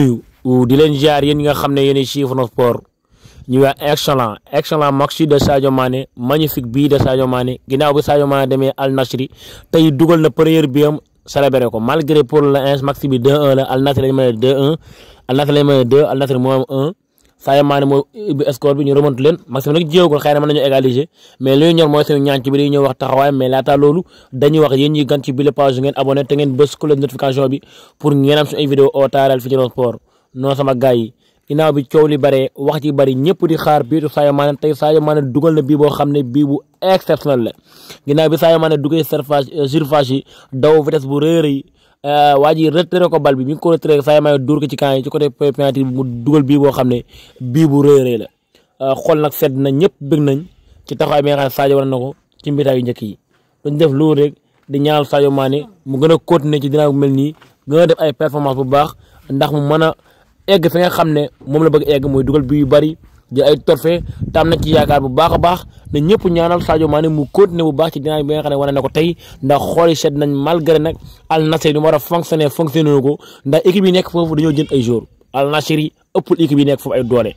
nuyu di leen jaar yéen ñi nga xam ne yéen a chiffre sport ñu wax excellent excellent match de Sadio Mané magnifique bii de Sadio Mané ginnaaw bi Sadio Mané demee Al Nassr tey dugal na première bi am célébré ko malgré pour le match bi 2-1 la Al Nassr lañ mën a 2-1 Al Nassr lañ a Sadio Mané moo ubbi score bi ñu remonte leen maximum nag jéego ko xëy na mën nañu égaliser ñor mooy seen ñaan ci bi dañuy ñëw wax taxawaay mais laata loolu dañuy wax yéen ñi gan ci bile page ngeen abonné te ngeen bës cloche notification bi pour ngeen am suñu ay vidéo au taaral fii ci sport non sama gars bi coow li bare wax ci bari di xaar biitu Sadio Mané tey Sadio Mané dugal na bii boo xam ne bii bu exceptionnel la ginnaaw bi Sadio Mané duggee euh, Euh, waa ji retiré ko bal bi mi ngi ko retiré Sadio Mané dóor ko ci camp yi ci côté penalty dugal bi boo xam ne bii bu rëy rëy la euh, xool nag sedd nañ ñëpp bëgg nañ ci taxawaay bi nga xam ne Sadio na ko ci mbitaay yu njëkk yi duñ def loolu rek di ñaanal Sadio Mané mu gën a continuer ci dinaa mel nii gën a def ay performance bu baax ndax mu mën a egg fi nga xam ne moom la bëgg egg mooy dugal bi yu bari jël ay trophée te am na ci yaakaar bu baax a baax na ñëpp ñaanal saajo Mané mu continuer bu baax ci dinaag bi nga xam ne wane na ko tey ndax xooli seet nañ malgré nag Al Nassr du war a fonctionner fonctionner ko ndax équipe yi nekk foofu dañoo jël ay joueurs Al Nassr yi ëppul équipe yi nekk foofu ay doole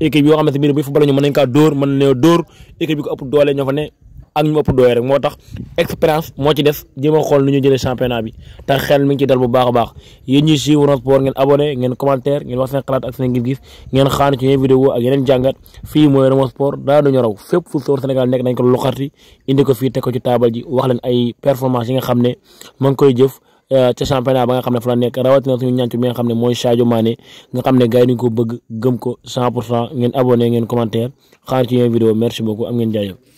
équipe yoo xamante ne bii bu ñu fa bala ñu mën nañ kaa dóor mën nañoo dóor équipe yi ko ëpp doole ñoo fa ne ak ñu ëpp doole rek moo tax expérience moo ci des jéem a xool nu ñu jëlee championnat bi te xel mi ngi ci dal bu baax a baax yéen ñi suivre Sen sport ngeen abonné ngeen commentaire ngeen wax seen xalaat ak seen gis-gis ngeen xaar ci yeneen vidéo ak yeneen jàngat fii mooy Sen sport daa duñu raw fépp fu soor Sénégal nekk nañ ko lu xarti indi ko fii teg ko ci table ji wax leen ay performance yi nga xam ne ma ngi koy jëf euh, ca championnat ba nga xam ne fa la nekk rawatina suñu ñànc bi nga xam ne mooy Sadio Mané nga xam ne gars yi dañ ko bëgg gëm ko 100 pour cent ngeen abonné ngeen commentaire xaar ci yeneen vidéo merci beaucoup am ngeen jaajëf